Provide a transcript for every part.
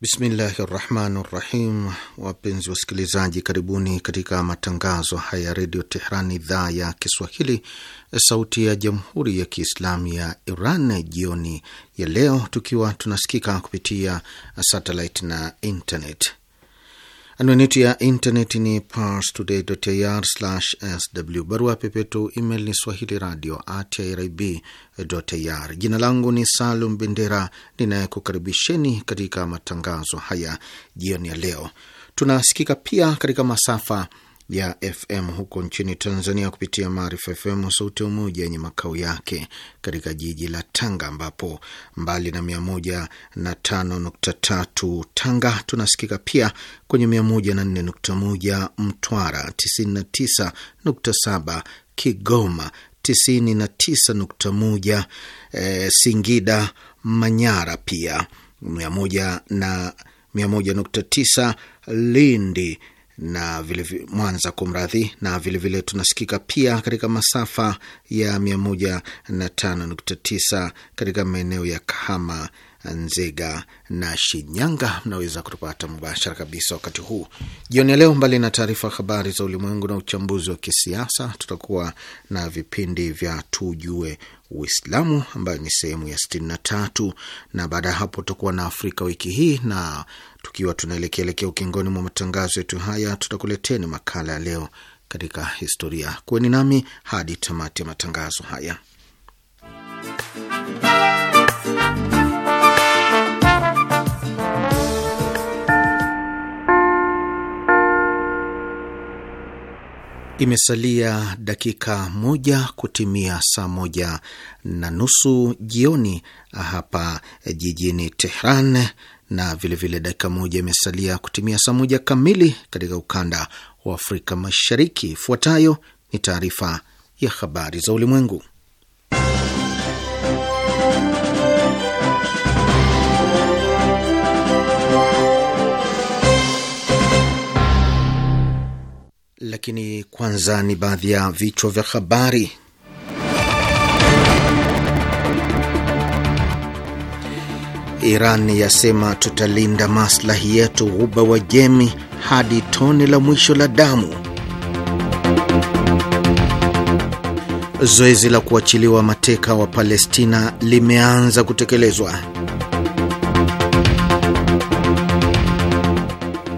Bismillahi rahmani rahim. Wapenzi wasikilizaji, karibuni katika matangazo haya ya redio Tehran, idhaa ya Kiswahili, sauti ya jamhuri ya kiislamu ya Iran. Jioni ya leo tukiwa tunasikika kupitia satelit na internet. Anwani yetu ya intaneti ni parstoday.ir/sw. Barua pepeto email ni swahili radio at irib.ir. Jina langu ni Salum Bendera ninayekukaribisheni katika matangazo haya jioni ya leo. Tunasikika pia katika masafa ya FM huko nchini Tanzania kupitia Maarifa FM sauti ya Umoja yenye makao yake katika jiji la Tanga, ambapo mbali na mia moja na tano nukta tatu Tanga tunasikika pia kwenye mia moja na nne nukta moja Mtwara, tisini na tisa nukta saba Kigoma, tisini na tisa nukta moja e, Singida, Manyara pia mia moja na mia moja nukta tisa Lindi na vile vile, Mwanza kumradhi, na vilevile vile tunasikika pia katika masafa ya 105.9 katika maeneo ya Kahama, Nzega na Shinyanga. Mnaweza kutupata mubashara kabisa wakati huu jioni ya leo. Mbali na taarifa habari za ulimwengu na uchambuzi wa kisiasa, tutakuwa na vipindi vya tujue Uislamu ambayo ni sehemu ya 63 na baada ya hapo tutakuwa na Afrika wiki hii na Tukiwa tunaelekeaelekea ukingoni mwa matangazo yetu haya, tutakuleteni makala ya leo katika historia. Kuweni nami hadi tamati ya matangazo haya. Imesalia dakika moja kutimia saa moja na nusu jioni hapa jijini Tehran, na vilevile dakika moja imesalia kutimia saa moja kamili katika ukanda wa Afrika Mashariki. Ifuatayo ni taarifa ya habari za ulimwengu, lakini kwanza ni baadhi ya vichwa vya habari. Iran yasema tutalinda maslahi yetu Ghuba jemi hadi tone la mwisho la damu. Zoezi la kuachiliwa mateka wa Palestina limeanza kutekelezwa.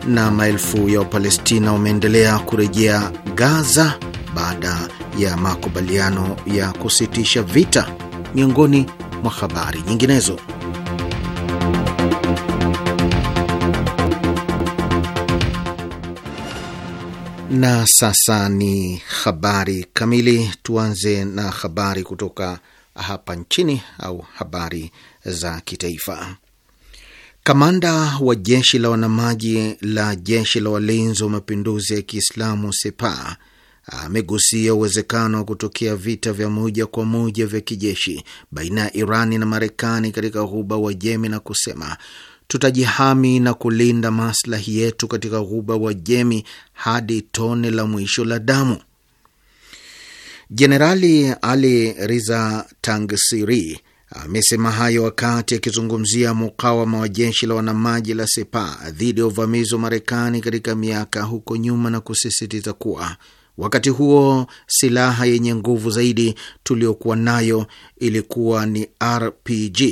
Na maelfu ya Wapalestina wameendelea kurejea Gaza baada ya makubaliano ya kusitisha vita, miongoni mwa habari nyinginezo. Na sasa ni habari kamili. Tuanze na habari kutoka hapa nchini au habari za kitaifa. Kamanda wa jeshi la wanamaji la jeshi la walinzi wa mapinduzi ya Kiislamu sepa amegusia uwezekano wa kutokea vita vya moja kwa moja vya kijeshi baina ya Irani na Marekani katika ghuba wa Jemi na kusema tutajihami na kulinda maslahi yetu katika ghuba jemi hadi tone la mwisho la damu. Jenerali Ali Riza Tangsiri amesema hayo wakati akizungumzia mukawama wa jeshi la wanamaji la Sepa dhidi ya uvamizi wa Marekani katika miaka huko nyuma, na kusisitiza kuwa wakati huo silaha yenye nguvu zaidi tuliyokuwa nayo ilikuwa ni RPG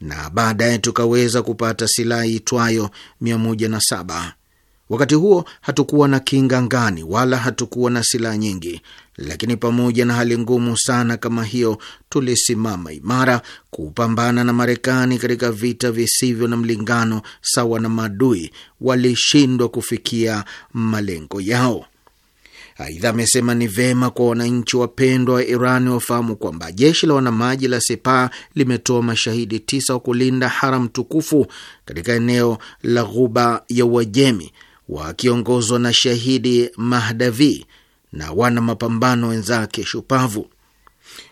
na baadaye tukaweza kupata silaha itwayo 107. Wakati huo hatukuwa na kinga ngani wala hatukuwa na silaha nyingi, lakini pamoja na hali ngumu sana kama hiyo, tulisimama imara kupambana na Marekani katika vita visivyo na mlingano sawa na maadui walishindwa kufikia malengo yao. Aidha, amesema ni vema kwa wananchi wapendwa wa Iran wafahamu kwamba jeshi la wanamaji la Sepa limetoa mashahidi tisa wa kulinda haram tukufu katika eneo la Ghuba ya Uajemi wakiongozwa na shahidi Mahdavi na wana mapambano wenzake shupavu.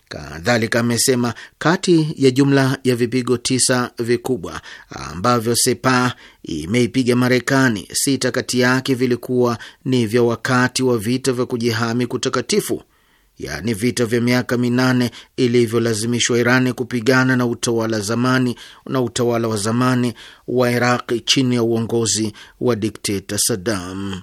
Kadhalika amesema kati ya jumla ya vipigo tisa vikubwa ambavyo Sepa imeipiga Marekani, sita kati yake vilikuwa ni vya wakati wa vita vya kujihami kutakatifu, yaani vita vya miaka minane ilivyolazimishwa Irani kupigana na utawala zamani na utawala wa zamani wa Iraqi chini ya uongozi wa dikteta Saddam.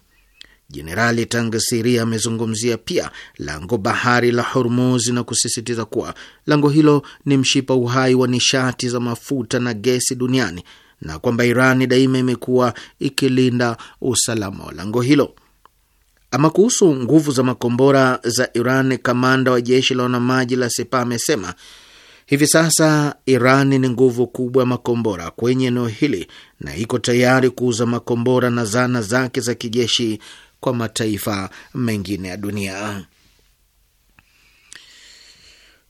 Jenerali Tangasiri amezungumzia pia lango bahari la Hormuz na kusisitiza kuwa lango hilo ni mshipa uhai wa nishati za mafuta na gesi duniani na kwamba Irani daima imekuwa ikilinda usalama wa lango hilo. Ama kuhusu nguvu za makombora za Iran, kamanda wa jeshi la wanamaji la Sepa amesema hivi sasa Iran ni nguvu kubwa ya makombora kwenye eneo hili na iko tayari kuuza makombora na zana zake za kijeshi kwa mataifa mengine ya dunia.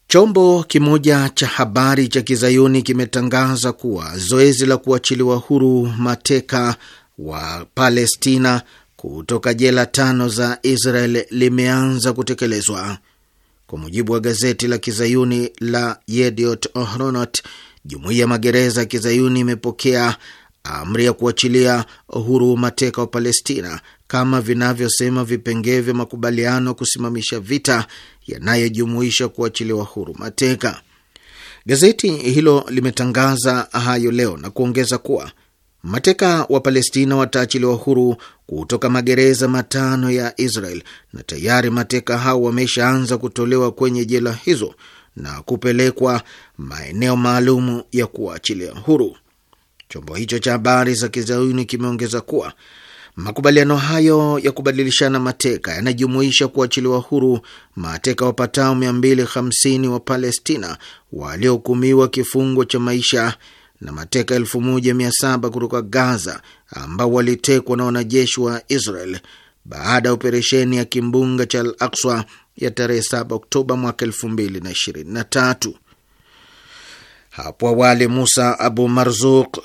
Chombo kimoja cha habari cha kizayuni kimetangaza kuwa zoezi la kuachiliwa huru mateka wa Palestina kutoka jela tano za Israel limeanza kutekelezwa. Kwa mujibu wa gazeti la kizayuni la Yediot Ohronot, jumuiya ya magereza ya kizayuni imepokea amri ya kuachilia huru mateka wa Palestina kama vinavyosema vipengee vya makubaliano ya kusimamisha vita yanayojumuisha kuachiliwa huru mateka. Gazeti hilo limetangaza hayo leo na kuongeza kuwa mateka wa Palestina wataachiliwa huru kutoka magereza matano ya Israel, na tayari mateka hao wameshaanza kutolewa kwenye jela hizo na kupelekwa maeneo maalum ya kuwaachilia huru. Chombo hicho cha habari za kizayuni kimeongeza kuwa Makubaliano hayo ya kubadilishana mateka yanajumuisha kuachiliwa huru mateka wapatao 250 wa Palestina waliohukumiwa kifungo cha maisha na mateka 1700 kutoka Gaza ambao walitekwa na wanajeshi wa Israel baada ya operesheni ya kimbunga cha Al ya tarehe 7 Oktoba mwaka 2023. Hapo awali Musa Abu Marzuk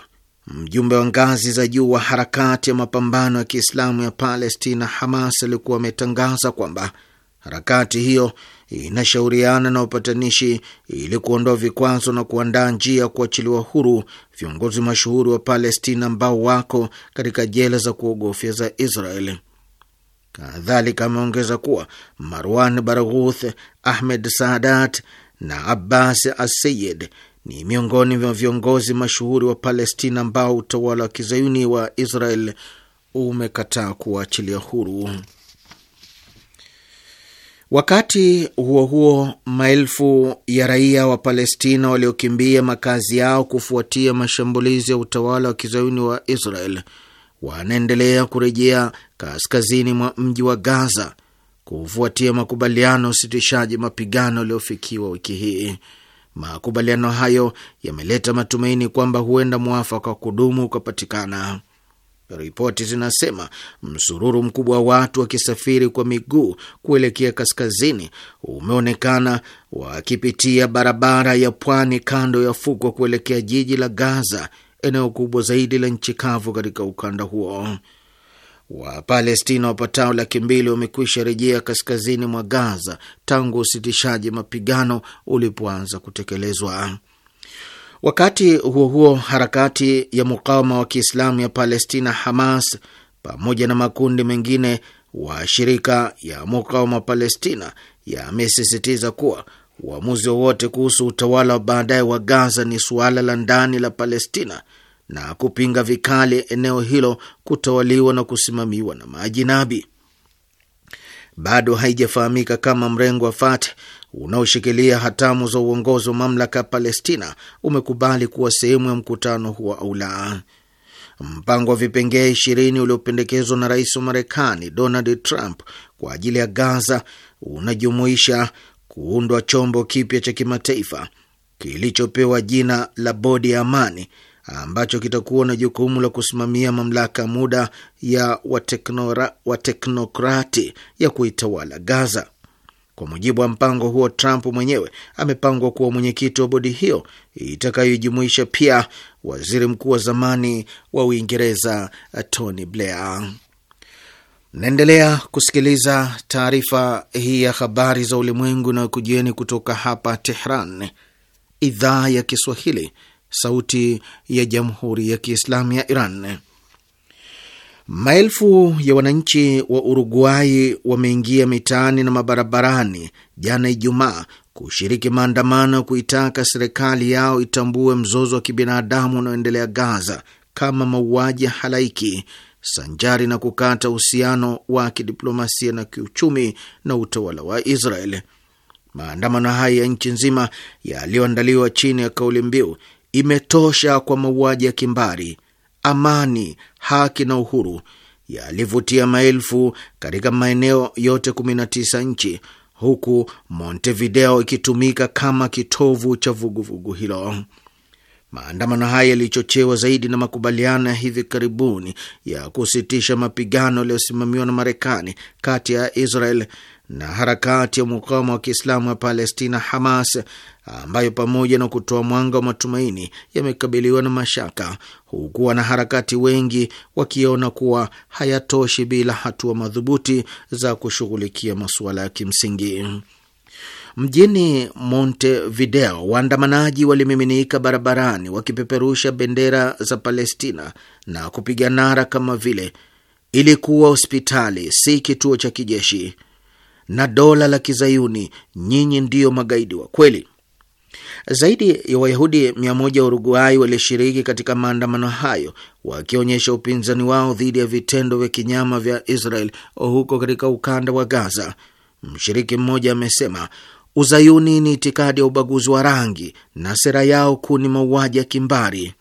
Mjumbe wa ngazi za juu wa harakati ya mapambano ya Kiislamu ya Palestina, Hamas, alikuwa ametangaza kwamba harakati hiyo inashauriana na upatanishi ili kuondoa vikwazo na kuandaa njia ya kuachiliwa huru viongozi mashuhuri wa Palestina ambao wako katika jela za kuogofya za Israeli. Kadhalika ameongeza kuwa Marwan Barghuth, Ahmed Saadat na Abbas Assayid ni miongoni mwa viongozi mashuhuri wa Palestina ambao utawala wa kizayuni wa Israel umekataa kuwaachilia huru. Wakati huo huo, maelfu ya raia wa Palestina waliokimbia makazi yao kufuatia mashambulizi ya utawala wa kizayuni wa Israel wanaendelea kurejea kaskazini mwa mji wa Gaza kufuatia makubaliano ya usitishaji mapigano yaliyofikiwa wiki hii. Makubaliano hayo yameleta matumaini kwamba huenda mwafaka wa kudumu ukapatikana. Ripoti zinasema msururu mkubwa wa watu wakisafiri kwa miguu kuelekea kaskazini umeonekana wakipitia barabara ya pwani kando ya fukwa kuelekea jiji la Gaza, eneo kubwa zaidi la nchi kavu katika ukanda huo. Wapalestina wapatao laki mbili wamekwisha rejea kaskazini mwa Gaza tangu usitishaji mapigano ulipoanza kutekelezwa. Wakati huo huo, harakati ya mukawama wa Kiislamu ya Palestina, Hamas, pamoja na makundi mengine wa shirika ya mukawama wa Palestina yamesisitiza kuwa uamuzi wowote kuhusu utawala wa baadaye wa Gaza ni suala la ndani la Palestina na kupinga vikali eneo hilo kutawaliwa na kusimamiwa na maajinabi. Bado haijafahamika kama mrengo wa Fatah unaoshikilia hatamu za uongozi wa mamlaka ya Palestina umekubali kuwa sehemu ya mkutano huo au la. Mpango wa vipengee ishirini uliopendekezwa na rais wa Marekani Donald Trump kwa ajili ya Gaza unajumuisha kuundwa chombo kipya cha kimataifa kilichopewa jina la bodi ya amani ambacho kitakuwa na jukumu la kusimamia mamlaka muda ya wateknokrati ya kuitawala Gaza. Kwa mujibu wa mpango huo, Trump mwenyewe amepangwa kuwa mwenyekiti wa bodi hiyo itakayojumuisha pia waziri mkuu wa zamani wa Uingereza eh, Tony Blair. Naendelea kusikiliza taarifa hii ya habari za ulimwengu na kujieni kutoka hapa Tehran, idhaa ya Kiswahili, Sauti ya Jamhuri ya Kiislamu ya Iran. Maelfu ya wananchi wa Uruguai wameingia mitaani na mabarabarani jana Ijumaa kushiriki maandamano ya kuitaka serikali yao itambue mzozo wa kibinadamu unaoendelea Gaza kama mauaji ya halaiki sanjari na kukata uhusiano wa kidiplomasia na kiuchumi na utawala wa Israel. Maandamano haya ya nchi nzima yaliyoandaliwa chini ya kauli mbiu imetosha kwa mauaji ya kimbari. Amani, haki na uhuru yalivutia maelfu katika maeneo yote 19 nchi, huku Montevideo ikitumika kama kitovu cha vuguvugu hilo. Maandamano haya yalichochewa zaidi na makubaliano ya hivi karibuni ya kusitisha mapigano yaliyosimamiwa na Marekani kati ya Israel na harakati ya mukawama wa Kiislamu ya Palestina, Hamas, ambayo pamoja na kutoa mwanga wa matumaini yamekabiliwa na mashaka, huku wanaharakati wengi wakiona kuwa hayatoshi bila hatua madhubuti za kushughulikia masuala ya kimsingi. Mjini Montevideo, waandamanaji walimiminika barabarani wakipeperusha bendera za Palestina na kupiga nara kama vile ilikuwa hospitali, si kituo cha kijeshi, na dola la Kizayuni, nyinyi ndiyo magaidi wa kweli. Zaidi ya Wayahudi mia moja wa Uruguai walishiriki katika maandamano hayo wakionyesha upinzani wao dhidi ya vitendo vya kinyama vya Israel huko katika ukanda wa Gaza. Mshiriki mmoja amesema Uzayuni ni itikadi ya ubaguzi wa rangi na sera yao kuu ni mauaji ya kimbari.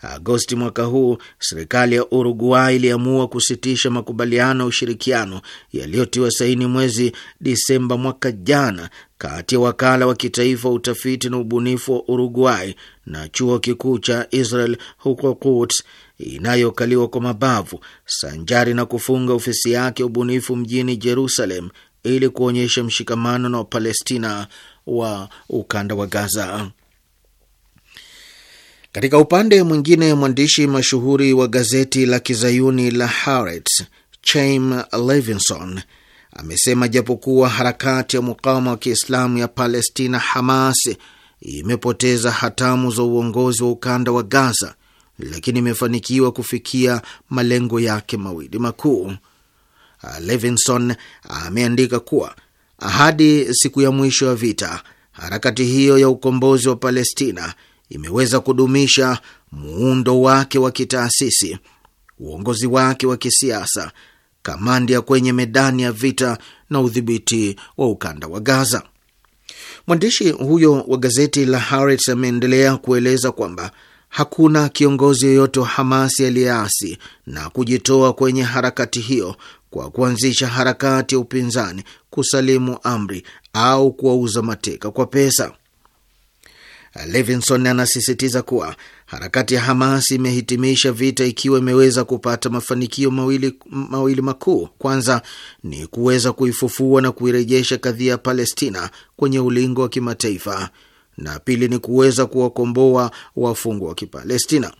Agosti mwaka huu serikali ya Uruguay iliamua kusitisha makubaliano ya ushirikiano yaliyotiwa saini mwezi Disemba mwaka jana kati ya wakala wa kitaifa wa utafiti na ubunifu wa Uruguay na chuo kikuu cha Israel huko Quds inayokaliwa kwa mabavu, sanjari na kufunga ofisi yake ya ubunifu mjini Jerusalem ili kuonyesha mshikamano na Wapalestina wa ukanda wa Gaza. Katika upande mwingine, mwandishi mashuhuri wa gazeti la kizayuni la Haaretz Chaim Levinson amesema japokuwa harakati ya mukawama wa Kiislamu ya Palestina, Hamas, imepoteza hatamu za uongozi wa ukanda wa Gaza, lakini imefanikiwa kufikia malengo yake mawili makuu. Levinson ameandika kuwa hadi siku ya mwisho ya vita, harakati hiyo ya ukombozi wa Palestina imeweza kudumisha muundo wake wa kitaasisi, uongozi wake wa kisiasa kamandi ya kwenye medani ya vita na udhibiti wa ukanda wa Gaza. Mwandishi huyo wa gazeti la Haaretz ameendelea kueleza kwamba hakuna kiongozi yoyote wa Hamasi aliyeasi na kujitoa kwenye harakati hiyo kwa kuanzisha harakati ya upinzani, kusalimu amri au kuwauza mateka kwa pesa. Levinson anasisitiza kuwa Harakati ya Hamas imehitimisha vita ikiwa imeweza kupata mafanikio mawili, mawili makuu. Kwanza ni kuweza kuifufua na kuirejesha kadhia ya Palestina kwenye ulingo wa kimataifa, na pili ni kuweza kuwakomboa wafungwa wa Kipalestina.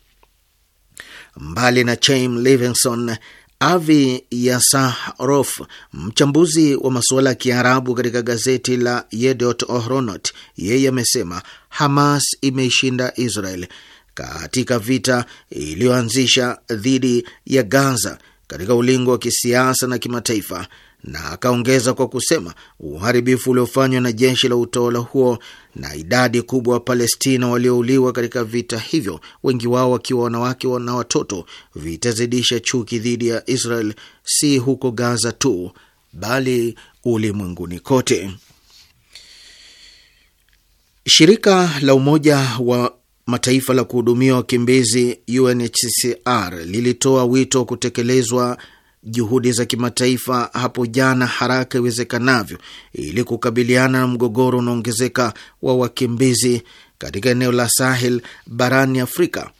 Mbali na Chaim Livingston, Avi Yasarof, mchambuzi wa masuala ya Kiarabu katika gazeti la Yedot Ohronot, yeye amesema Hamas imeishinda Israel katika vita iliyoanzisha dhidi ya Gaza katika ulingo wa kisiasa na kimataifa, na akaongeza kwa kusema uharibifu uliofanywa na jeshi la utawala huo na idadi kubwa wa Palestina waliouliwa katika vita hivyo, wengi wao wakiwa wanawake na watoto, vitazidisha chuki dhidi ya Israel, si huko Gaza tu bali ulimwenguni kote. Shirika la Umoja wa mataifa la kuhudumia wakimbizi UNHCR lilitoa wito wa kutekelezwa juhudi za kimataifa hapo jana haraka iwezekanavyo ili kukabiliana na mgogoro unaongezeka wa wakimbizi katika eneo la Sahel barani Afrika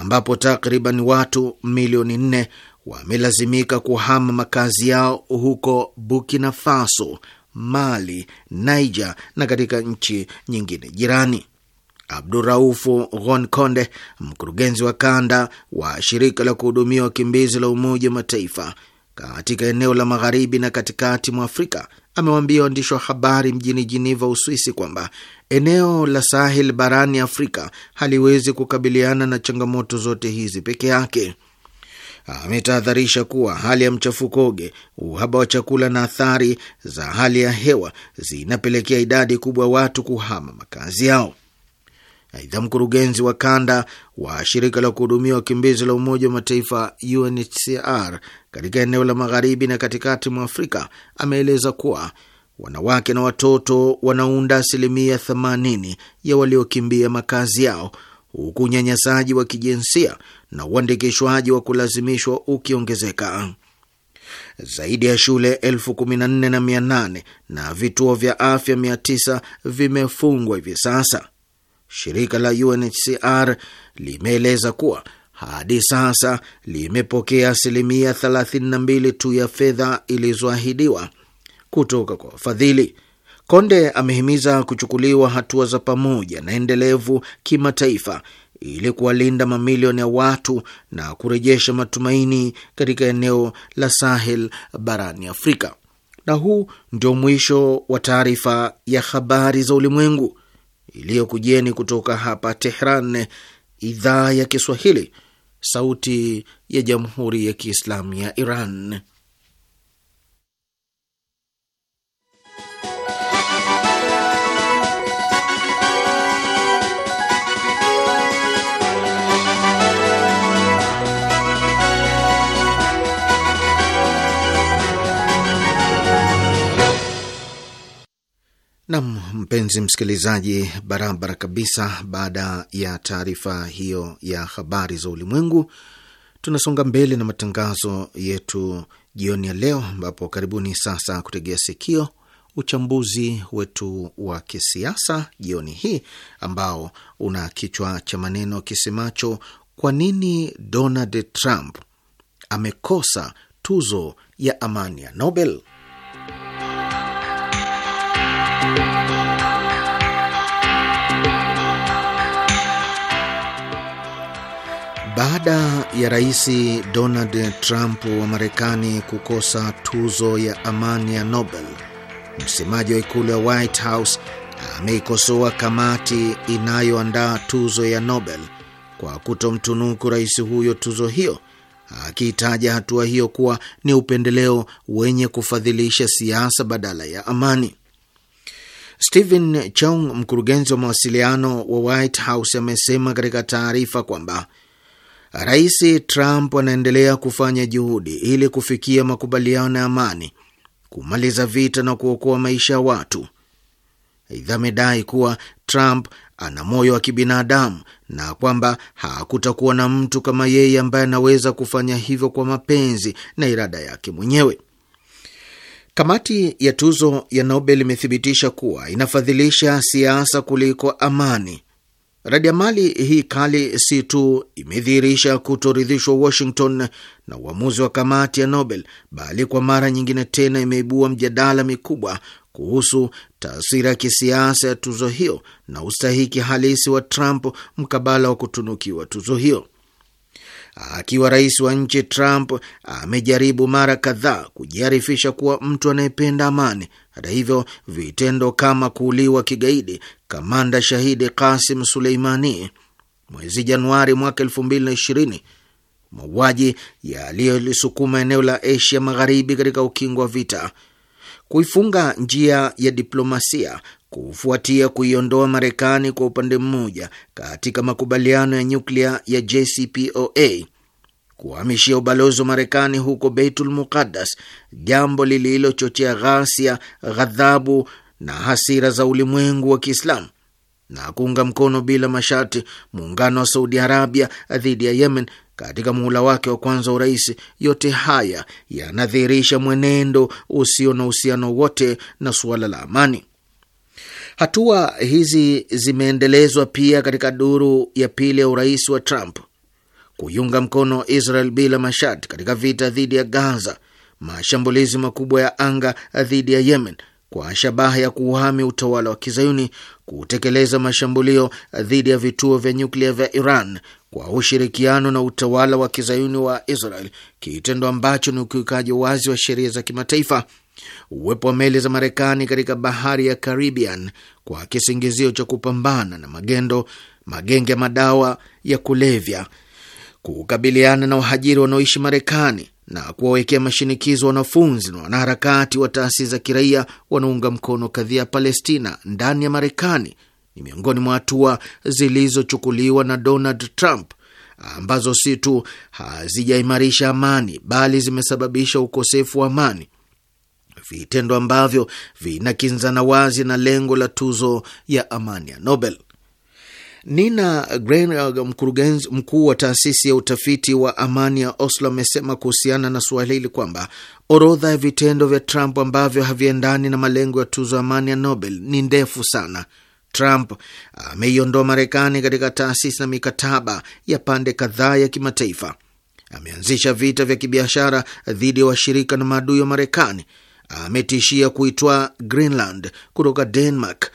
ambapo takriban watu milioni nne wamelazimika kuhama makazi yao huko Burkina Faso, Mali, Niger na katika nchi nyingine jirani. Abduraufu Ghonkonde, mkurugenzi wa kanda wa shirika la kuhudumia wakimbizi la Umoja wa Mataifa katika eneo la magharibi na katikati mwa Afrika amewaambia waandishi wa habari mjini Jiniva, Uswisi, kwamba eneo la Sahel barani Afrika haliwezi kukabiliana na changamoto zote hizi peke yake. Ametahadharisha kuwa hali ya mchafukoge, uhaba wa chakula na athari za hali ya hewa zinapelekea idadi kubwa ya watu kuhama makazi yao. Aidha, mkurugenzi wa kanda wa shirika la kuhudumia wakimbizi la Umoja wa Mataifa UNHCR katika eneo la magharibi na katikati mwa Afrika ameeleza kuwa wanawake na watoto wanaunda asilimia 80 ya waliokimbia makazi yao huku unyanyasaji wa kijinsia na uandikishwaji wa kulazimishwa ukiongezeka. Zaidi ya shule elfu kumi na nne na mia nane na vituo vya afya mia tisa vimefungwa hivi sasa Shirika la UNHCR limeeleza kuwa hadi sasa limepokea asilimia 32 tu ya fedha ilizoahidiwa kutoka kwa wafadhili. Konde amehimiza kuchukuliwa hatua za pamoja na endelevu kimataifa ili kuwalinda mamilioni ya watu na kurejesha matumaini katika eneo la Sahel barani Afrika. Na huu ndio mwisho wa taarifa ya habari za ulimwengu iliyokujeni kutoka hapa Tehran, idhaa ya Kiswahili, sauti ya jamhuri ya kiislamu ya Iran. Nam, mpenzi msikilizaji, barabara kabisa. Baada ya taarifa hiyo ya habari za ulimwengu, tunasonga mbele na matangazo yetu jioni ya leo, ambapo karibuni sasa kutegea sikio uchambuzi wetu wa kisiasa jioni hii ambao una kichwa cha maneno kisemacho kwa nini Donald Trump amekosa tuzo ya amani ya Nobel. Baada ya Rais Donald Trump wa Marekani kukosa tuzo ya amani ya Nobel, msemaji wa ikulu ya White House ameikosoa kamati inayoandaa tuzo ya Nobel kwa kutomtunuku rais huyo tuzo hiyo, akiitaja hatua hiyo kuwa ni upendeleo wenye kufadhilisha siasa badala ya amani. Stephen Chong, mkurugenzi wa mawasiliano wa White House, amesema katika taarifa kwamba Rais Trump anaendelea kufanya juhudi ili kufikia makubaliano ya amani, kumaliza vita na kuokoa maisha ya watu. Aidha, amedai kuwa Trump ana moyo wa kibinadamu na kwamba hakutakuwa na mtu kama yeye ambaye anaweza kufanya hivyo kwa mapenzi na irada yake mwenyewe. Kamati ya tuzo ya Nobel imethibitisha kuwa inafadhilisha siasa kuliko amani. Radiamali hii kali si tu imedhihirisha kutoridhishwa Washington na uamuzi wa kamati ya Nobel, bali kwa mara nyingine tena imeibua mjadala mikubwa kuhusu taswira ya kisiasa ya tuzo hiyo na ustahiki halisi wa Trump mkabala wa kutunukiwa tuzo hiyo akiwa rais wa nchi, Trump amejaribu mara kadhaa kujiarifisha kuwa mtu anayependa amani. Hata hivyo, vitendo kama kuuliwa kigaidi kamanda shahidi Kasim Suleimani mwezi Januari mwaka elfu mbili na ishirini, mauaji yaliyolisukuma eneo la Asia Magharibi katika ukingo wa vita kuifunga njia ya diplomasia kufuatia kuiondoa Marekani kwa upande mmoja katika makubaliano ya nyuklia ya JCPOA, kuhamishia ubalozi wa Marekani huko Beitul Muqaddas, jambo lililochochea ghasia, ghadhabu na hasira za ulimwengu wa Kiislamu na kuunga mkono bila masharti muungano wa Saudi Arabia dhidi ya Yemen katika muhula wake wa kwanza wa urais. Yote haya yanadhihirisha mwenendo usio na uhusiano wote na suala la amani. Hatua hizi zimeendelezwa pia katika duru ya pili ya urais wa Trump, kuiunga mkono Israel bila masharti katika vita dhidi ya Gaza, mashambulizi makubwa ya anga dhidi ya Yemen kwa shabaha ya kuuhami utawala wa Kizayuni, kutekeleza mashambulio dhidi ya vituo vya nyuklia vya Iran kwa ushirikiano na utawala wa kizayuni wa Israel, kitendo ambacho ni ukiukaji wazi wa sheria za kimataifa. Uwepo wa meli za Marekani katika bahari ya Caribbean kwa kisingizio cha kupambana na magendo magenge ya madawa ya kulevya, kukabiliana na wahajiri wanaoishi Marekani na kuwawekea mashinikizo wanafunzi na wanaharakati wa taasisi za kiraia wanaunga mkono kadhia ya Palestina ndani ya Marekani ni miongoni mwa hatua zilizochukuliwa na Donald Trump ambazo si tu hazijaimarisha amani bali zimesababisha ukosefu wa amani, vitendo ambavyo vinakinzana wazi na lengo la tuzo ya amani ya Nobel. Nina Greenberg, mkurugenzi mkuu wa taasisi ya utafiti wa amani ya Oslo, amesema kuhusiana na suala hili kwamba orodha ya vitendo vya Trump ambavyo haviendani na malengo ya tuzo ya amani ya Nobel ni ndefu sana Trump ameiondoa Marekani katika taasisi na mikataba ya pande kadhaa ya kimataifa. Ameanzisha vita vya kibiashara dhidi ya washirika na maadui wa Marekani. Ametishia kuitwa Greenland kutoka Denmark.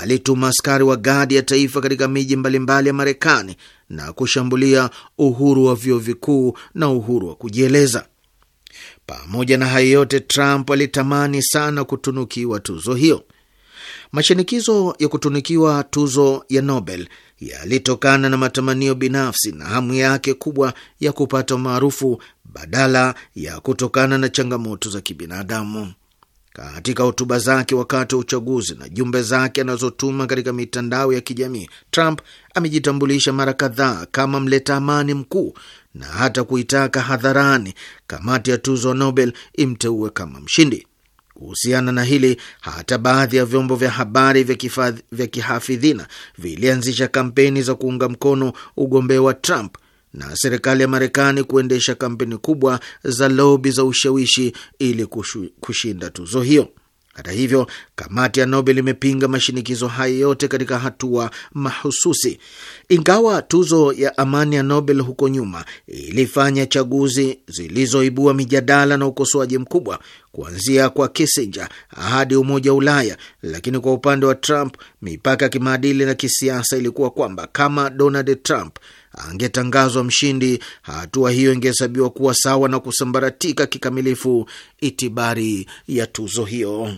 Alituma askari wa gadi ya taifa katika miji mbalimbali ya Marekani na kushambulia uhuru wa vyuo vikuu na uhuru wa kujieleza. Pamoja na hayo yote, Trump alitamani sana kutunukiwa tuzo hiyo. Mashinikizo ya kutunikiwa tuzo ya Nobel yalitokana na matamanio binafsi na hamu yake kubwa ya kupata umaarufu badala ya kutokana na changamoto za kibinadamu. Katika hotuba zake wakati wa uchaguzi na jumbe zake anazotuma katika mitandao ya kijamii, Trump amejitambulisha mara kadhaa kama mleta amani mkuu na hata kuitaka hadharani kamati ya tuzo Nobel imteue kama mshindi. Kuhusiana na hili, hata baadhi ya vyombo vya habari vya kihafidhina vilianzisha kampeni za kuunga mkono ugombea wa Trump na serikali ya Marekani kuendesha kampeni kubwa za lobi za ushawishi ili kushinda tuzo hiyo. Hata hivyo, kamati ya Nobel imepinga mashinikizo hayo yote katika hatua mahususi. Ingawa tuzo ya amani ya Nobel huko nyuma ilifanya chaguzi zilizoibua mijadala na ukosoaji mkubwa, kuanzia kwa Kissinger hadi Umoja wa Ulaya, lakini kwa upande wa Trump mipaka ya kimaadili na kisiasa ilikuwa kwamba kama Donald Trump angetangazwa mshindi, hatua hiyo ingehesabiwa kuwa sawa na kusambaratika kikamilifu itibari ya tuzo hiyo.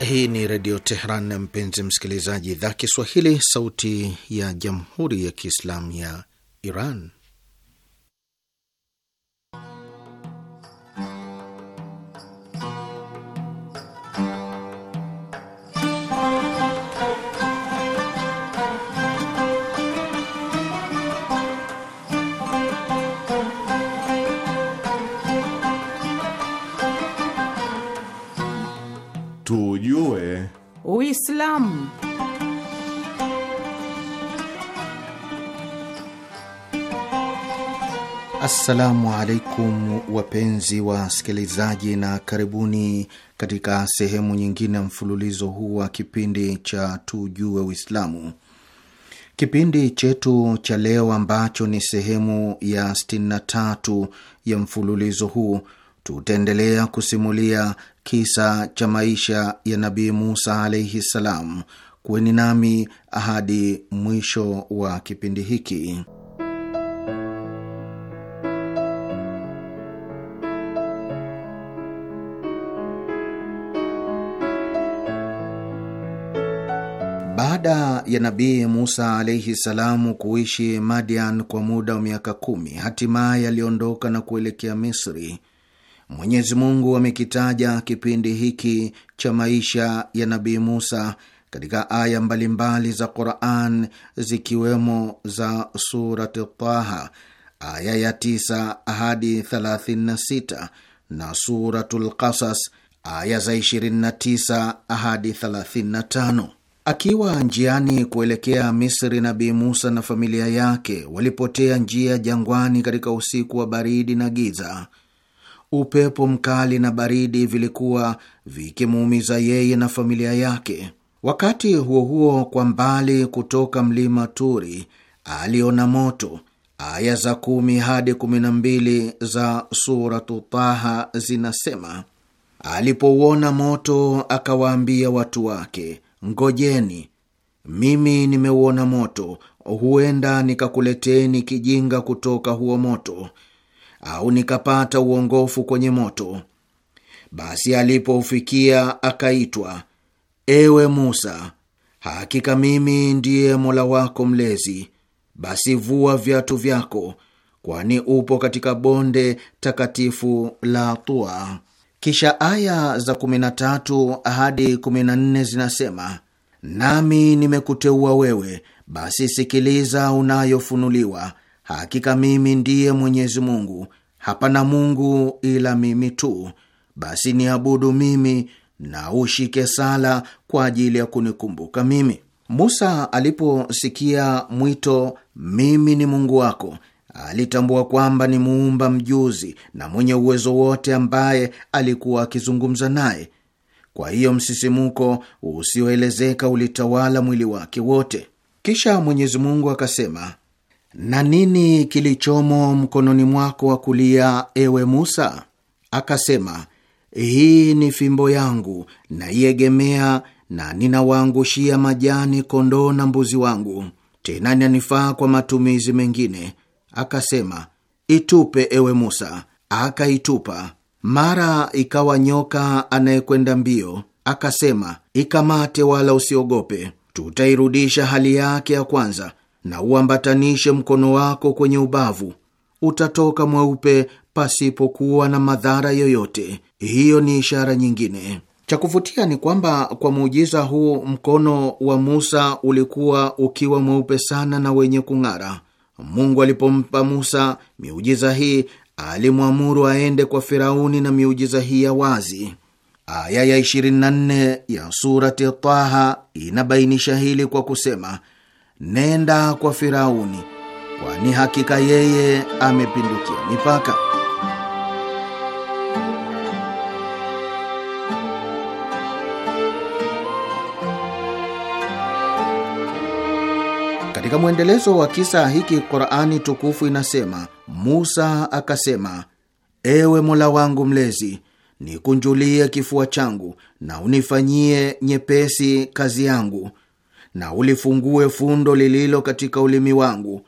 Hii ni Redio Tehran, mpenzi msikilizaji, idhaa Kiswahili, sauti ya Jamhuri ya Kiislamu ya Iran. tujue Uislamu. Assalamu alaikum wapenzi wa sikilizaji, na karibuni katika sehemu nyingine ya mfululizo huu wa kipindi cha tujue Uislamu. Kipindi chetu cha leo ambacho ni sehemu ya 63 ya mfululizo huu tutaendelea kusimulia kisa cha maisha ya Nabii Musa alaihi ssalam. Kuweni nami hadi mwisho wa kipindi hiki. Baada ya Nabii Musa alaihi salamu kuishi Madian kwa muda wa miaka kumi, hatimaye aliondoka na kuelekea Misri. Mwenyezi Mungu amekitaja kipindi hiki cha maisha ya Nabii Musa katika aya mbalimbali za Quran zikiwemo za Surat Taha aya ya 9 hadi 36 na Suratul Qasas aya za 29 hadi 35. Akiwa njiani kuelekea Misri, Nabii Musa na familia yake walipotea njia jangwani katika usiku wa baridi na giza upepo mkali na baridi vilikuwa vikimuumiza yeye na familia yake. Wakati huo huo, kwa mbali kutoka mlima Turi aliona moto. Aya za kumi hadi kumi na mbili za Suratu Taha zinasema Alipouona moto akawaambia watu wake, ngojeni, mimi nimeuona moto, huenda nikakuleteni kijinga kutoka huo moto au nikapata uongofu kwenye moto. Basi alipoufikia akaitwa, ewe Musa, hakika mimi ndiye Mola wako Mlezi, basi vua viatu vyako, kwani upo katika bonde takatifu la Tua. Kisha aya za 13 hadi 14 zinasema, nami nimekuteua wewe, basi sikiliza unayofunuliwa Hakika mimi ndiye Mwenyezi Mungu, hapana Mungu ila mimi tu, basi niabudu mimi na ushike sala kwa ajili ya kunikumbuka mimi. Musa aliposikia mwito, mimi ni Mungu wako, alitambua kwamba ni muumba mjuzi na mwenye uwezo wote ambaye alikuwa akizungumza naye. Kwa hiyo msisimuko usioelezeka ulitawala mwili wake wote. Kisha Mwenyezi Mungu akasema na nini kilichomo mkononi mwako wa kulia, ewe Musa? Akasema, hii ni fimbo yangu, naiegemea na ninawaangushia majani kondoo na mbuzi wangu, tena inanifaa kwa matumizi mengine. Akasema, itupe ewe Musa. Akaitupa. Mara ikawa nyoka anayekwenda mbio akasema, ikamate wala usiogope, tutairudisha hali yake ya kwanza na uambatanishe mkono wako kwenye ubavu, utatoka mweupe pasipokuwa na madhara yoyote. Hiyo ni ishara nyingine. Cha kuvutia ni kwamba kwa muujiza huu mkono wa Musa ulikuwa ukiwa mweupe sana na wenye kung'ara. Mungu alipompa Musa miujiza hii alimwamuru aende kwa Firauni na miujiza hii ya wazi. Aya ya 24 ya surati Taha inabainisha hili kwa kusema nenda kwa Firauni, kwani hakika yeye amepindukia mipaka. Katika mwendelezo wa kisa hiki, Qurani tukufu inasema, Musa akasema, ewe Mola wangu mlezi nikunjulie kifua changu na unifanyie nyepesi kazi yangu na ulifungue fundo lililo katika ulimi wangu,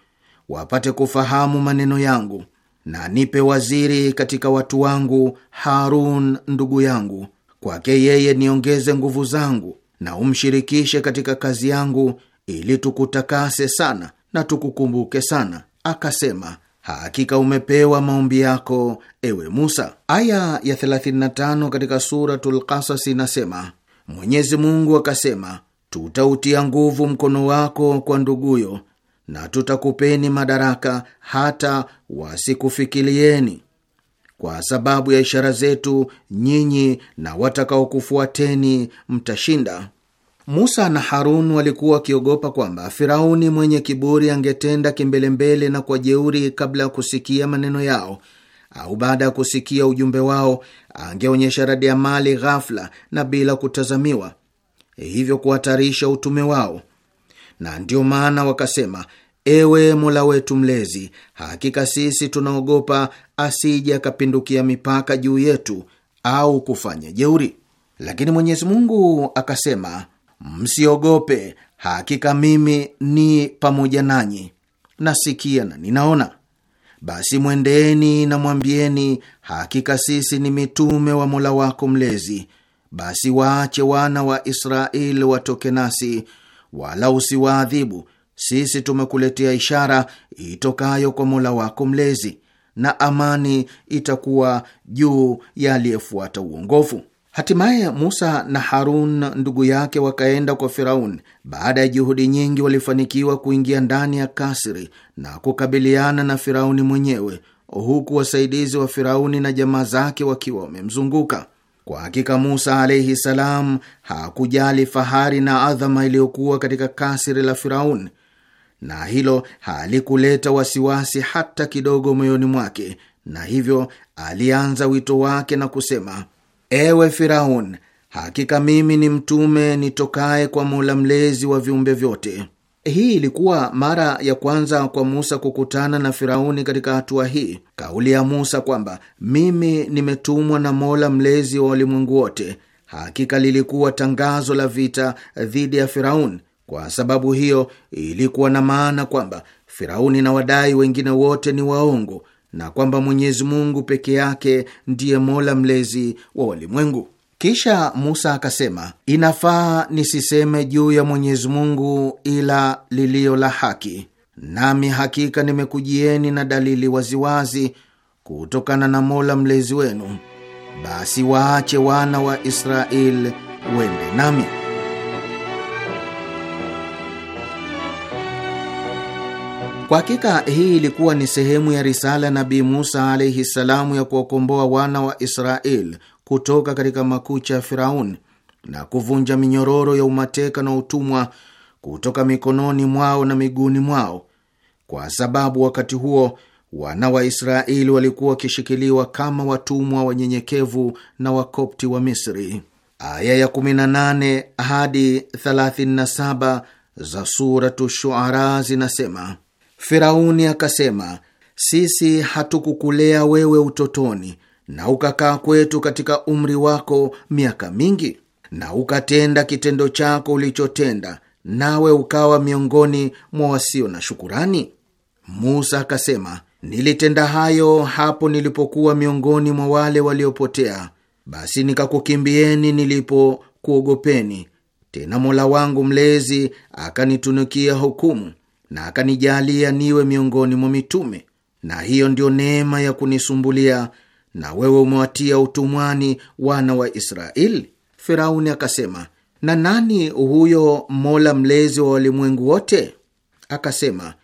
wapate kufahamu maneno yangu, na nipe waziri katika watu wangu Harun ndugu yangu, kwake yeye niongeze nguvu zangu, na umshirikishe katika kazi yangu, ili tukutakase sana na tukukumbuke sana. Akasema, hakika umepewa maombi yako, ewe Musa. Aya ya 35 katika Suratul inasema Mwenyezi Mungu akasema tutautia nguvu mkono wako kwa nduguyo, na tutakupeni madaraka hata wasikufikirieni. Kwa sababu ya ishara zetu, nyinyi na watakaokufuateni mtashinda. Musa na Harun walikuwa wakiogopa kwamba Firauni mwenye kiburi angetenda kimbelembele na kwa jeuri kabla ya kusikia maneno yao au baada ya kusikia ujumbe wao, angeonyesha radiamali ghafla na bila kutazamiwa, hivyo kuhatarisha utume wao, na ndiyo maana wakasema, ewe Mola wetu Mlezi, hakika sisi tunaogopa asije akapindukia mipaka juu yetu au kufanya jeuri. Lakini Mwenyezi Mungu akasema, msiogope, hakika mimi ni pamoja nanyi, nasikia na ninaona. Basi mwendeni na mwambieni, hakika sisi ni mitume wa Mola wako Mlezi, basi waache wana wa Israeli watoke nasi, wala usiwaadhibu. Sisi tumekuletea ishara itokayo kwa Mola wako Mlezi, na amani itakuwa juu ya aliyefuata uongofu. Hatimaye Musa na Harun ndugu yake wakaenda kwa firaun Baada ya juhudi nyingi, walifanikiwa kuingia ndani ya kasri na kukabiliana na Firauni mwenyewe, huku wasaidizi wa Firauni na jamaa zake wakiwa wamemzunguka. Kwa hakika Musa alaihi salam hakujali fahari na adhama iliyokuwa katika kasiri la Firauni, na hilo halikuleta wasiwasi hata kidogo moyoni mwake, na hivyo alianza wito wake na kusema: ewe Firaun, hakika mimi ni mtume nitokaye kwa Mola mlezi wa viumbe vyote hii ilikuwa mara ya kwanza kwa Musa kukutana na Firauni katika hatua hii. Kauli ya Musa kwamba mimi nimetumwa na Mola mlezi wa walimwengu wote, hakika lilikuwa tangazo la vita dhidi ya Firauni. Kwa sababu hiyo, ilikuwa na maana kwamba Firauni na wadai wengine wote ni waongo na kwamba Mwenyezi Mungu peke yake ndiye Mola mlezi wa walimwengu. Kisha Musa akasema, inafaa nisiseme juu ya Mwenyezi Mungu ila liliyo la haki, nami hakika nimekujieni na dalili waziwazi kutokana na Mola mlezi wenu, basi waache wana wa Israeli wende nami. Kwa hakika hii ilikuwa ni sehemu ya risala Nabii Musa alaihi salamu ya kuwakomboa wana wa Israeli kutoka katika makucha ya Firauni na kuvunja minyororo ya umateka na utumwa kutoka mikononi mwao na miguuni mwao, kwa sababu wakati huo wana wa Israeli walikuwa wakishikiliwa kama watumwa wanyenyekevu na Wakopti wa Misri. Aya ya 18 hadi 37 za Suratu Shuara zinasema: Firauni akasema, sisi hatukukulea wewe utotoni na ukakaa kwetu katika umri wako miaka mingi, na ukatenda kitendo chako ulichotenda, nawe ukawa miongoni mwa wasio na shukurani? Musa akasema, nilitenda hayo hapo nilipokuwa miongoni mwa wale waliopotea, basi nikakukimbieni nilipokuogopeni. Tena Mola wangu Mlezi akanitunukia hukumu na akanijalia niwe miongoni mwa mitume, na hiyo ndiyo neema ya kunisumbulia na wewe umewatia utumwani wana wa Israeli? Firauni akasema, na nani huyo mola mlezi wa walimwengu wote? Akasema,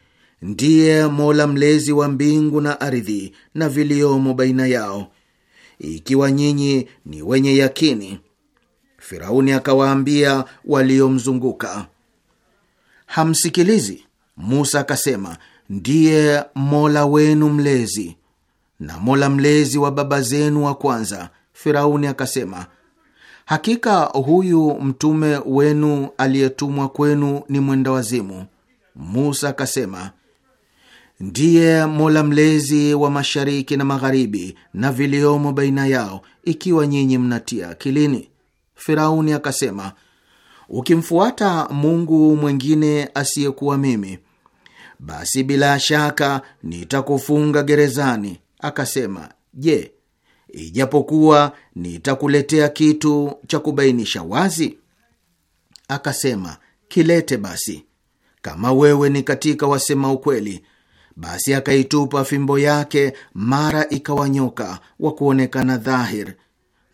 ndiye mola mlezi wa mbingu na ardhi na viliomo baina yao, ikiwa nyinyi ni wenye yakini. Firauni akawaambia waliomzunguka, hamsikilizi? Musa akasema, ndiye mola wenu mlezi na Mola mlezi wa baba zenu wa kwanza. Firauni akasema, hakika huyu mtume wenu aliyetumwa kwenu ni mwenda wazimu. Musa akasema, ndiye Mola mlezi wa mashariki na magharibi na viliomo baina yao, ikiwa nyinyi mnatia akilini. Firauni akasema, ukimfuata Mungu mwengine asiyekuwa mimi, basi bila shaka nitakufunga gerezani akasema, Je, ijapokuwa nitakuletea kitu cha kubainisha wazi? Akasema, kilete basi, kama wewe ni katika wasema ukweli. Basi akaitupa fimbo yake, mara ikawanyoka wa kuonekana dhahir,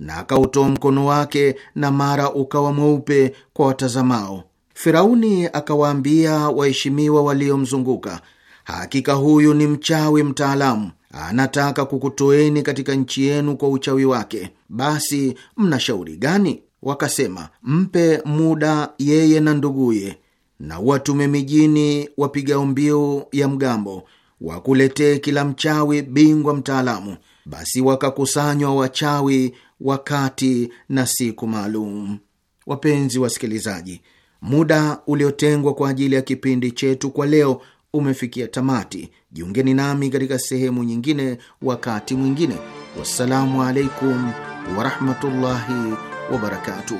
na akautoa mkono wake, na mara ukawa mweupe kwa watazamao. Firauni akawaambia waheshimiwa waliomzunguka, hakika huyu ni mchawi mtaalamu anataka kukutoeni katika nchi yenu kwa uchawi wake, basi mna shauri gani? Wakasema, mpe muda yeye na nduguye, na watume mijini wapigao mbiu ya mgambo wakuletee kila mchawi bingwa mtaalamu. Basi wakakusanywa wachawi wakati na siku maalum. Wapenzi wasikilizaji, muda uliotengwa kwa ajili ya kipindi chetu kwa leo umefikia tamati. Jiungeni nami katika sehemu nyingine wakati mwingine. Wassalamu alaikum warahmatullahi wabarakatuh.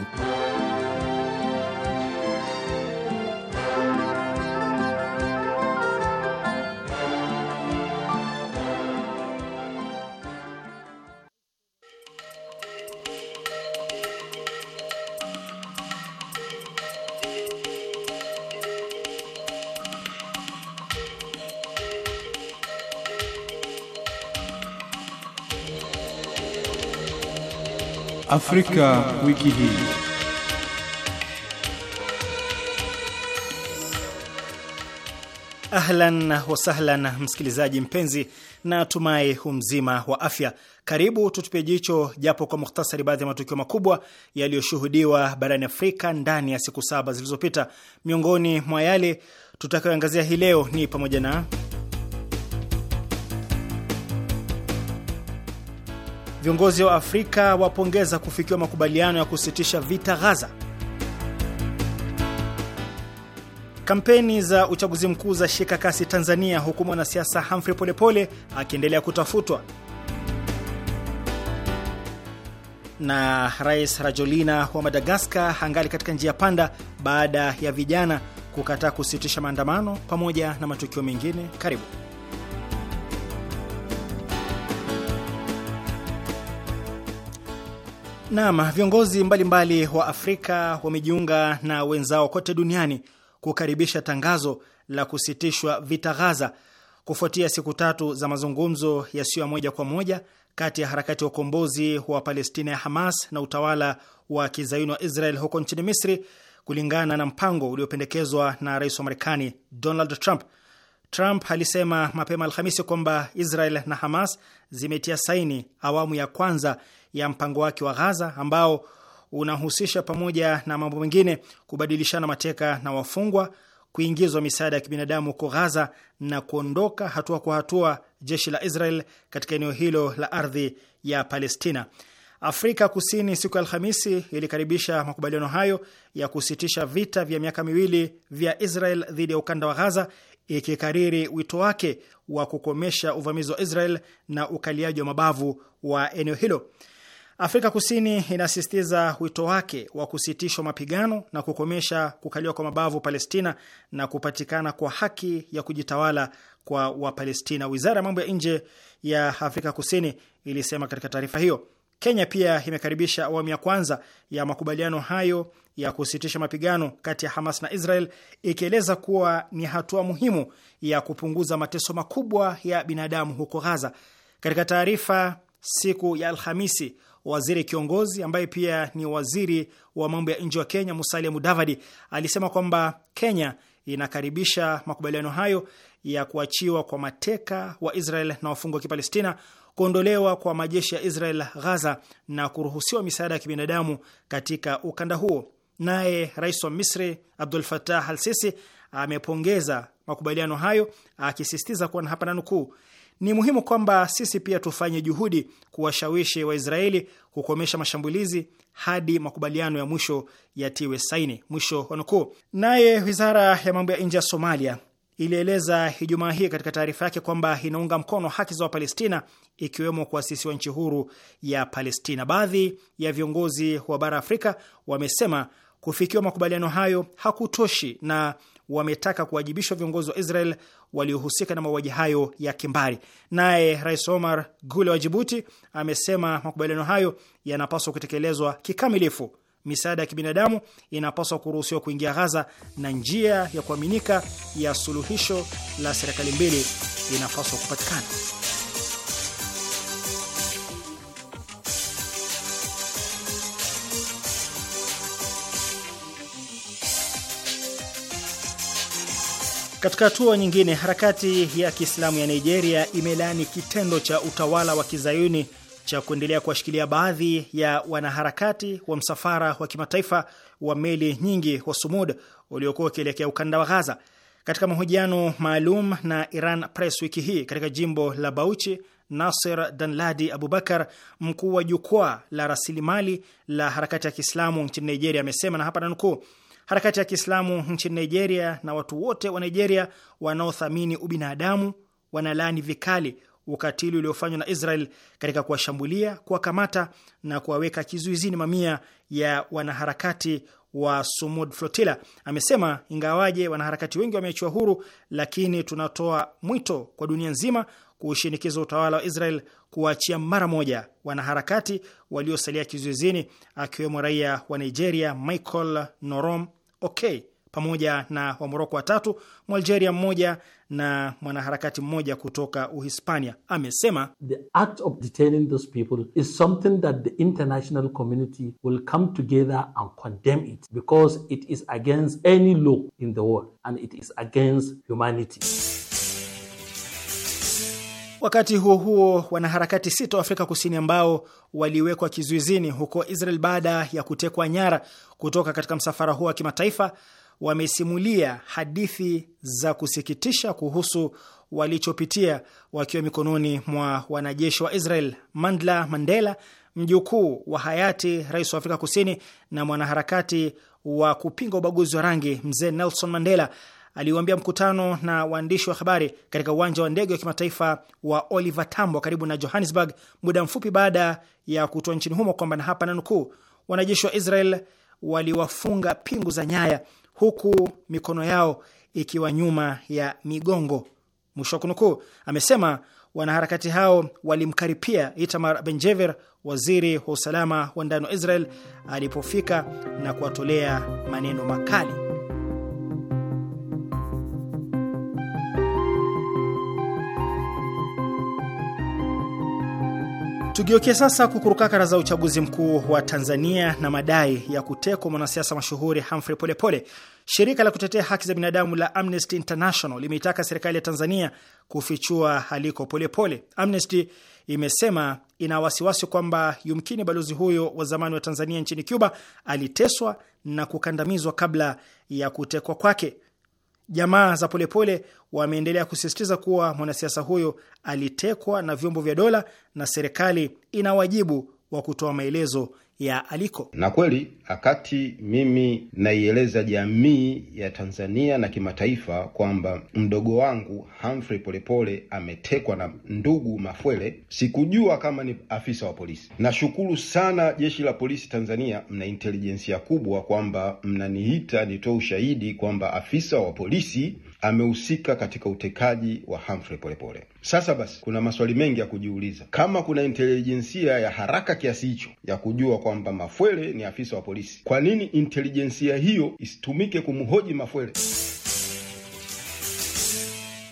Afrika wiki hii. Ahlan wasahlan, msikilizaji mpenzi, na tumai humzima wa afya. Karibu tutupie jicho japo kwa muhtasari baadhi ya matukio makubwa yaliyoshuhudiwa barani Afrika ndani ya siku saba zilizopita. Miongoni mwa yale tutakayoangazia hii leo ni pamoja na Viongozi wa Afrika wapongeza kufikiwa makubaliano ya kusitisha vita Gaza. Kampeni za uchaguzi mkuu za shika kasi Tanzania, huku mwanasiasa Humphrey Polepole akiendelea kutafutwa. Na Rais Rajolina wa Madagaskar hangali katika njia panda baada ya vijana kukataa kusitisha maandamano, pamoja na matukio mengine. Karibu. Naam, viongozi mbalimbali mbali wa Afrika wamejiunga na wenzao kote duniani kukaribisha tangazo la kusitishwa vita Gaza kufuatia siku tatu za mazungumzo yasiyo ya moja kwa moja kati ya harakati ya ukombozi wa Palestina ya Hamas na utawala wa kizayuni wa Israel huko nchini Misri, kulingana na mpango uliopendekezwa na rais wa Marekani Donald Trump. Trump alisema mapema Alhamisi kwamba Israel na Hamas zimetia saini awamu ya kwanza ya mpango wake wa Ghaza ambao unahusisha pamoja na mambo mengine kubadilishana mateka na wafungwa, kuingizwa misaada ya kibinadamu huko Ghaza na kuondoka hatua kwa hatua jeshi la Israel katika eneo hilo la ardhi ya Palestina. Afrika Kusini siku ya Alhamisi ilikaribisha makubaliano hayo ya kusitisha vita vya miaka miwili vya Israel dhidi ya ukanda wa Ghaza, ikikariri wito wake wa kukomesha uvamizi wa Israel na ukaliaji wa mabavu wa eneo hilo. Afrika Kusini inasisitiza wito wake wa kusitishwa mapigano na kukomesha kukaliwa kwa mabavu Palestina na kupatikana kwa haki ya kujitawala kwa Wapalestina, wizara ya mambo ya nje ya Afrika Kusini ilisema katika taarifa hiyo. Kenya pia imekaribisha awamu ya kwanza ya makubaliano hayo ya kusitisha mapigano kati ya Hamas na Israel, ikieleza kuwa ni hatua muhimu ya kupunguza mateso makubwa ya binadamu huko Ghaza. Katika taarifa siku ya Alhamisi, waziri kiongozi ambaye pia ni waziri wa mambo ya nje wa Kenya, Musalia Mudavadi, alisema kwamba Kenya inakaribisha makubaliano hayo ya kuachiwa kwa mateka wa Israel na wafungwa wa Kipalestina, kuondolewa kwa majeshi ya Israel Ghaza na kuruhusiwa misaada ya kibinadamu katika ukanda huo. Naye rais wa Misri Abdul fatah al Sisi amepongeza makubaliano hayo akisisitiza kuwa na hapa na nukuu, ni muhimu kwamba sisi pia tufanye juhudi kuwashawishi Waisraeli kukomesha mashambulizi hadi makubaliano ya mwisho yatiwe saini. Mwisho wa nukuu. Naye wizara ya mambo ya nje ya Somalia ilieleza Ijumaa hii katika taarifa yake kwamba inaunga mkono haki za Wapalestina ikiwemo kuasisiwa nchi huru ya Palestina. Baadhi ya viongozi wa bara Afrika wamesema kufikiwa makubaliano hayo hakutoshi na wametaka kuwajibishwa viongozi wa Israel waliohusika na mauaji hayo ya kimbari. Naye Rais Omar Gule wa Jibuti amesema makubaliano hayo yanapaswa kutekelezwa kikamilifu. Misaada ya kibinadamu inapaswa kuruhusiwa kuingia Ghaza na njia ya kuaminika ya suluhisho la serikali mbili inapaswa kupatikana. Katika hatua nyingine, harakati ya Kiislamu ya Nigeria imelaani kitendo cha utawala wa kizayuni cha kuendelea kuwashikilia baadhi ya wanaharakati wa msafara wa kimataifa wa meli nyingi wa Sumud uliokuwa ukielekea ukanda wa Ghaza. Katika mahojiano maalum na Iran Press wiki hii katika jimbo la Bauchi, Nasir Danladi Abubakar, mkuu wa jukwaa la rasilimali la harakati ya Kiislamu nchini Nigeria, amesema na hapa nanukuu: harakati ya Kiislamu nchini Nigeria na watu wote wa Nigeria wanaothamini ubinadamu wanalaani vikali ukatili uliofanywa na Israel katika kuwashambulia, kuwakamata na kuwaweka kizuizini mamia ya wanaharakati wa Sumud Flotilla. Amesema ingawaje wanaharakati wengi wameachiwa huru, lakini tunatoa mwito kwa dunia nzima kushinikiza utawala wa Israel kuwaachia mara moja wanaharakati waliosalia kizuizini, akiwemo raia wa Nigeria Michael Norom Okay pamoja na Wamoroko watatu, Mwalgeria mmoja na mwanaharakati mmoja kutoka Uhispania amesema the act of detaining those people is something that the international community will come together and condemn it because it is against any law in the world and it is against humanity. Wakati huo huo, wanaharakati sita wa Afrika Kusini ambao waliwekwa kizuizini huko Israel baada ya kutekwa nyara kutoka katika msafara huo wa kimataifa wamesimulia hadithi za kusikitisha kuhusu walichopitia wakiwa mikononi mwa wanajeshi wa Israel. Mandla Mandela, mjukuu wa hayati rais wa Afrika Kusini na mwanaharakati wa kupinga ubaguzi wa rangi mzee Nelson Mandela, aliuambia mkutano na waandishi wa habari katika uwanja wa ndege wa kimataifa wa Oliver Tambo karibu na Johannesburg muda mfupi baada ya kutoa nchini humo kwamba, na hapa nanukuu, wanajeshi wa Israel waliwafunga pingu za nyaya huku mikono yao ikiwa nyuma ya migongo, mwisho wa kunukuu. Amesema wanaharakati hao walimkaripia Itamar Benjever, waziri wa usalama wa ndani wa Israel, alipofika na kuwatolea maneno makali. Tugeukie sasa kukurukakara za uchaguzi mkuu wa Tanzania na madai ya kutekwa mwanasiasa mashuhuri Humphrey Polepole. Shirika la kutetea haki za binadamu la Amnesty International limeitaka serikali ya Tanzania kufichua aliko Polepole. Amnesty imesema ina wasiwasi kwamba yumkini balozi huyo wa zamani wa Tanzania nchini Cuba aliteswa na kukandamizwa kabla ya kutekwa kwake. Jamaa za Polepole wameendelea kusisitiza kuwa mwanasiasa huyo alitekwa na vyombo vya dola na serikali ina wajibu wa kutoa maelezo ya aliko. Na kweli wakati mimi naieleza jamii ya Tanzania na kimataifa kwamba mdogo wangu Humphrey Polepole ametekwa na ndugu Mafwele, sikujua kama ni afisa wa polisi. Nashukuru sana jeshi la polisi Tanzania, mna intelijensia kubwa kwamba mnaniita nitoe ushahidi kwamba afisa wa polisi amehusika katika utekaji wa Humphrey Polepole. Sasa basi, kuna maswali mengi ya kujiuliza, kama kuna intelijensia ya haraka kiasi hicho ya kujua kwamba Mafwele ni afisa wa polisi, kwa nini intelijensia hiyo isitumike kumhoji Mafwele?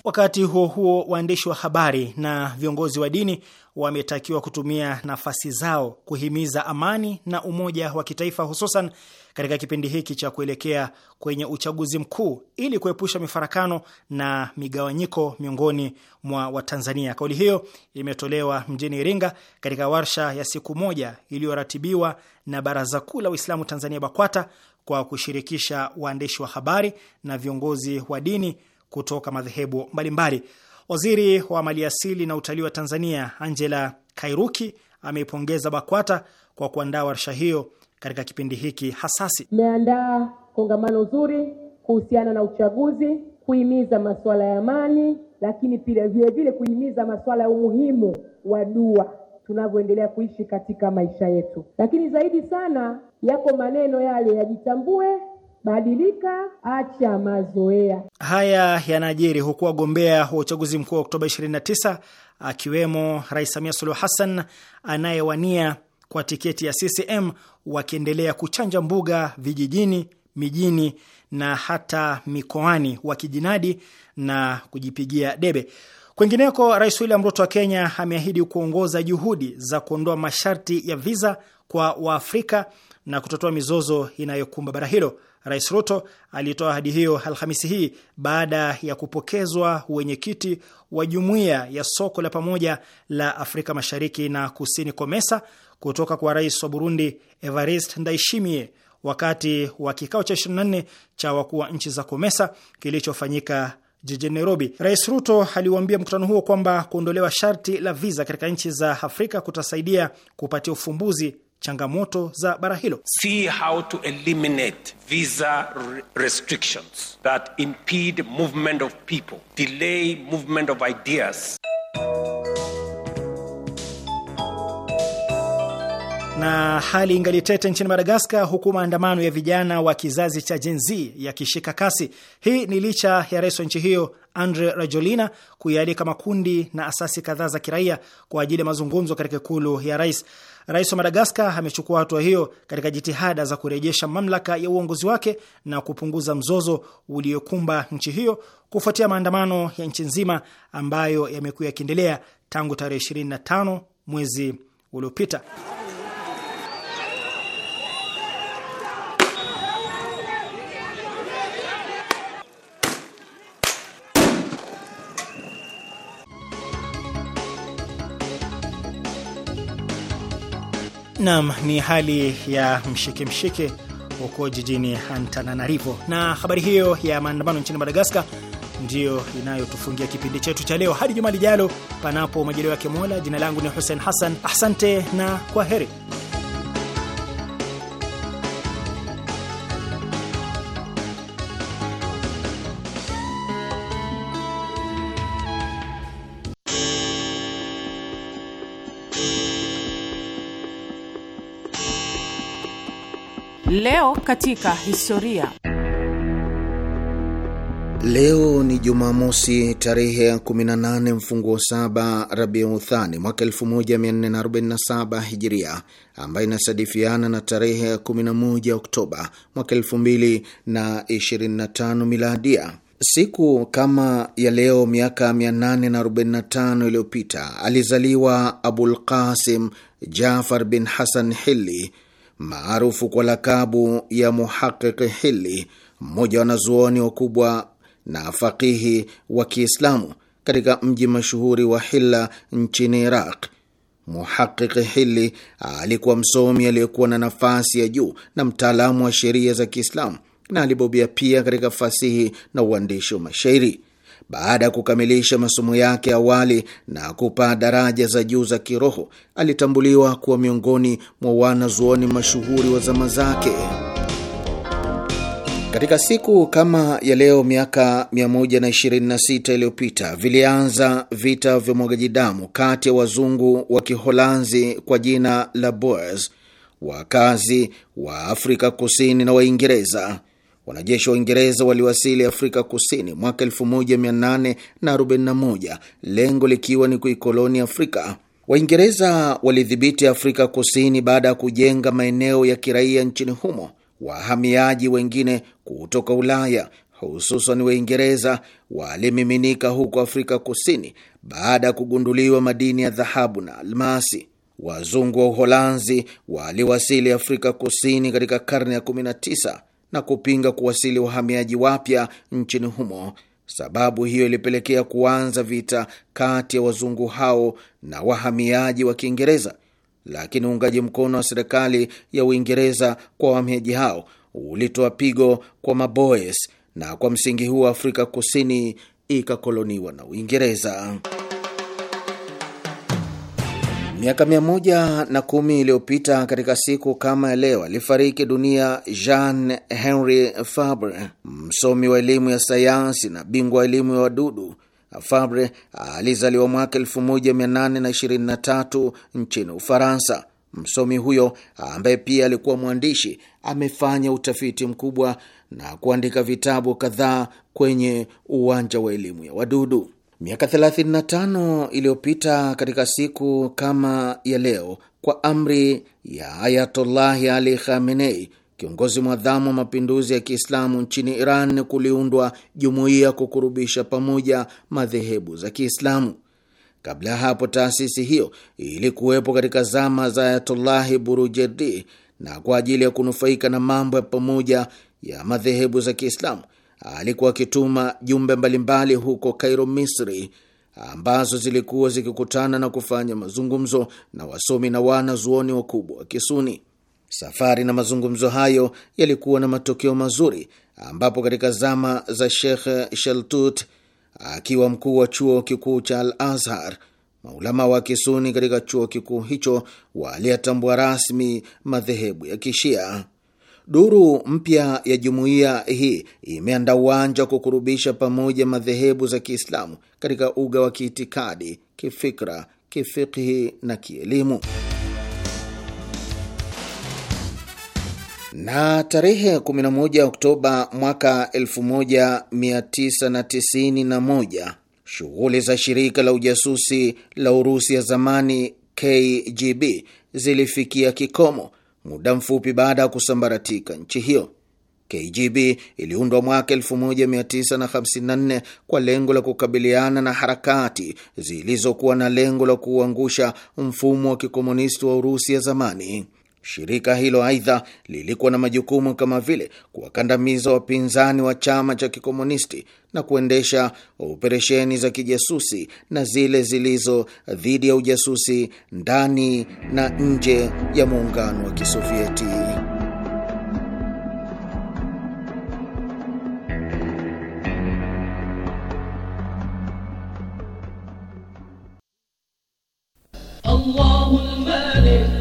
Wakati huo huo, waandishi wa habari na viongozi wa dini wametakiwa kutumia nafasi zao kuhimiza amani na umoja wa kitaifa hususan katika kipindi hiki cha kuelekea kwenye uchaguzi mkuu ili kuepusha mifarakano na migawanyiko miongoni mwa Watanzania. Kauli hiyo imetolewa mjini Iringa katika warsha ya siku moja iliyoratibiwa na Baraza Kuu la Uislamu Tanzania, BAKWATA, kwa kushirikisha waandishi wa habari na viongozi wa dini kutoka madhehebu mbalimbali. Waziri wa maliasili na utalii wa Tanzania Angela Kairuki ameipongeza BAKWATA kwa kuandaa warsha hiyo katika kipindi hiki hasasi. Tumeandaa kongamano zuri kuhusiana na uchaguzi, kuhimiza masuala ya amani, lakini pia vilevile kuhimiza masuala ya umuhimu wa dua tunavyoendelea kuishi katika maisha yetu. Lakini zaidi sana yako maneno yale yajitambue, badilika, acha mazoea. Haya yanajiri huku wagombea wa uchaguzi mkuu wa Oktoba 29 akiwemo Rais Samia Suluhu Hassan anayewania kwa tiketi ya CCM wakiendelea kuchanja mbuga vijijini, mijini na hata mikoani wakijinadi na kujipigia debe. Kwingineko, Rais William Ruto wa Kenya ameahidi kuongoza juhudi za kuondoa masharti ya viza kwa Waafrika na kutotoa mizozo inayokumba bara hilo. Rais Ruto alitoa ahadi hiyo Alhamisi hii baada ya kupokezwa wenyekiti wa jumuiya ya soko la pamoja la Afrika Mashariki na Kusini, COMESA, kutoka kwa rais wa Burundi evarist ndaishimie wakati wa kikao cha 24 cha wakuu wa nchi za COMESA kilichofanyika jijini Nairobi. Rais Ruto aliuambia mkutano huo kwamba kuondolewa sharti la viza katika nchi za Afrika kutasaidia kupatia ufumbuzi changamoto za bara hilo. See how to eliminate visa restrictions that impede movement of people, delay movement of ideas. Na hali ingalitete nchini Madagaskar, huku maandamano ya vijana wa kizazi cha Gen Z yakishika kasi. Hii ni licha ya rais wa nchi hiyo Andre Rajolina kuyaalika makundi na asasi kadhaa za kiraia kwa ajili ya mazungumzo katika ikulu ya rais. Rais wa Madagaskar amechukua hatua hiyo katika jitihada za kurejesha mamlaka ya uongozi wake na kupunguza mzozo uliokumba nchi hiyo kufuatia maandamano ya nchi nzima ambayo yamekuwa yakiendelea tangu tarehe 25 mwezi uliopita. Naam, ni hali ya mshike mshike huko jijini Antananarivo. Na habari hiyo ya maandamano nchini Madagaskar ndiyo inayotufungia kipindi chetu cha leo. Hadi juma lijalo, panapo majaliwa yake Mola. Jina langu ni Hussein Hassan, asante na kwa heri. Leo katika historia. Leo ni Jumamosi, tarehe ya 18 wa saba Rabiu Thani mwaka 1447 Hijiria, ambayo inasadifiana na tarehe ya 11 Oktoba mwaka 2025 Miladia. Siku kama ya leo miaka 845 iliyopita alizaliwa Abul Qasim Jafar bin Hasan Hilli maarufu kwa lakabu ya Muhaqiqi Hili, mmoja wa wanazuoni wakubwa na fakihi wa Kiislamu katika mji mashuhuri wa Hilla nchini Iraq. Muhaqiqi Hili alikuwa msomi aliyekuwa na nafasi ya juu na mtaalamu wa sheria za Kiislamu, na alibobea pia katika fasihi na uandishi wa mashairi. Baada ya kukamilisha masomo yake awali na kupaa daraja za juu za kiroho, alitambuliwa kuwa miongoni mwa wanazuoni mashuhuri wa zama zake. Katika siku kama ya leo miaka 126 iliyopita vilianza vita vya mwagaji damu kati ya wazungu wa Kiholanzi kwa jina la Boers, wakazi wa Afrika Kusini na Waingereza. Wanajeshi wa Uingereza waliwasili Afrika Kusini mwaka 1841 lengo likiwa ni kuikoloni Afrika. Waingereza walidhibiti Afrika Kusini baada ya kujenga maeneo ya kiraia nchini humo. Wahamiaji wengine kutoka Ulaya hususan Waingereza walimiminika huko Afrika Kusini baada ya kugunduliwa madini ya dhahabu na almasi. Wazungu wa Uholanzi waliwasili Afrika Kusini katika karne ya 19 na kupinga kuwasili wahamiaji wapya nchini humo. Sababu hiyo ilipelekea kuanza vita kati ya wazungu hao na wahamiaji wa Kiingereza, lakini uungaji mkono wa serikali ya Uingereza kwa wahamiaji hao ulitoa pigo kwa Maboes, na kwa msingi huo Afrika Kusini ikakoloniwa na Uingereza. Miaka mia moja na kumi iliyopita katika siku kama ya leo alifariki dunia Jean Henry Fabre, msomi wa elimu ya sayansi na bingwa wa elimu ya wadudu. Fabre alizaliwa mwaka 1823 nchini Ufaransa. Msomi huyo ambaye pia alikuwa mwandishi amefanya utafiti mkubwa na kuandika vitabu kadhaa kwenye uwanja wa elimu ya wadudu. Miaka 35 iliyopita katika siku kama ya leo, kwa amri ya Ayatollahi Ali Khamenei, kiongozi mwadhamu wa mapinduzi ya Kiislamu nchini Iran, kuliundwa jumuiya kukurubisha pamoja madhehebu za Kiislamu. Kabla ya hapo, taasisi hiyo ilikuwepo katika zama za Ayatollahi Burujerdi na kwa ajili ya kunufaika na mambo ya pamoja ya madhehebu za Kiislamu alikuwa akituma jumbe mbalimbali huko Kairo, Misri, ambazo zilikuwa zikikutana na kufanya mazungumzo na wasomi na wanazuoni wakubwa wa Kisuni. Safari na mazungumzo hayo yalikuwa na matokeo mazuri, ambapo katika zama za Shekh sheltut akiwa mkuu wa chuo kikuu cha Al Azhar, maulama wa Kisuni katika chuo kikuu hicho waliyatambua rasmi madhehebu ya Kishia. Duru mpya ya jumuiya hii imeanda uwanja wa kukurubisha pamoja madhehebu za Kiislamu katika uga wa kiitikadi, kifikra, kifikhi na kielimu. Na tarehe 11 Oktoba mwaka 1991 shughuli za shirika la ujasusi la Urusi ya zamani KGB zilifikia kikomo muda mfupi baada ya kusambaratika nchi hiyo. KGB iliundwa mwaka 1954 kwa lengo la kukabiliana na harakati zilizokuwa na lengo la kuuangusha mfumo wa kikomunisti wa Urusi ya zamani. Shirika hilo aidha lilikuwa na majukumu kama vile kuwakandamiza wapinzani wa chama cha kikomunisti na kuendesha operesheni za kijasusi na zile zilizo dhidi ya ujasusi ndani na nje ya muungano wa Kisovieti. Malik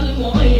المعين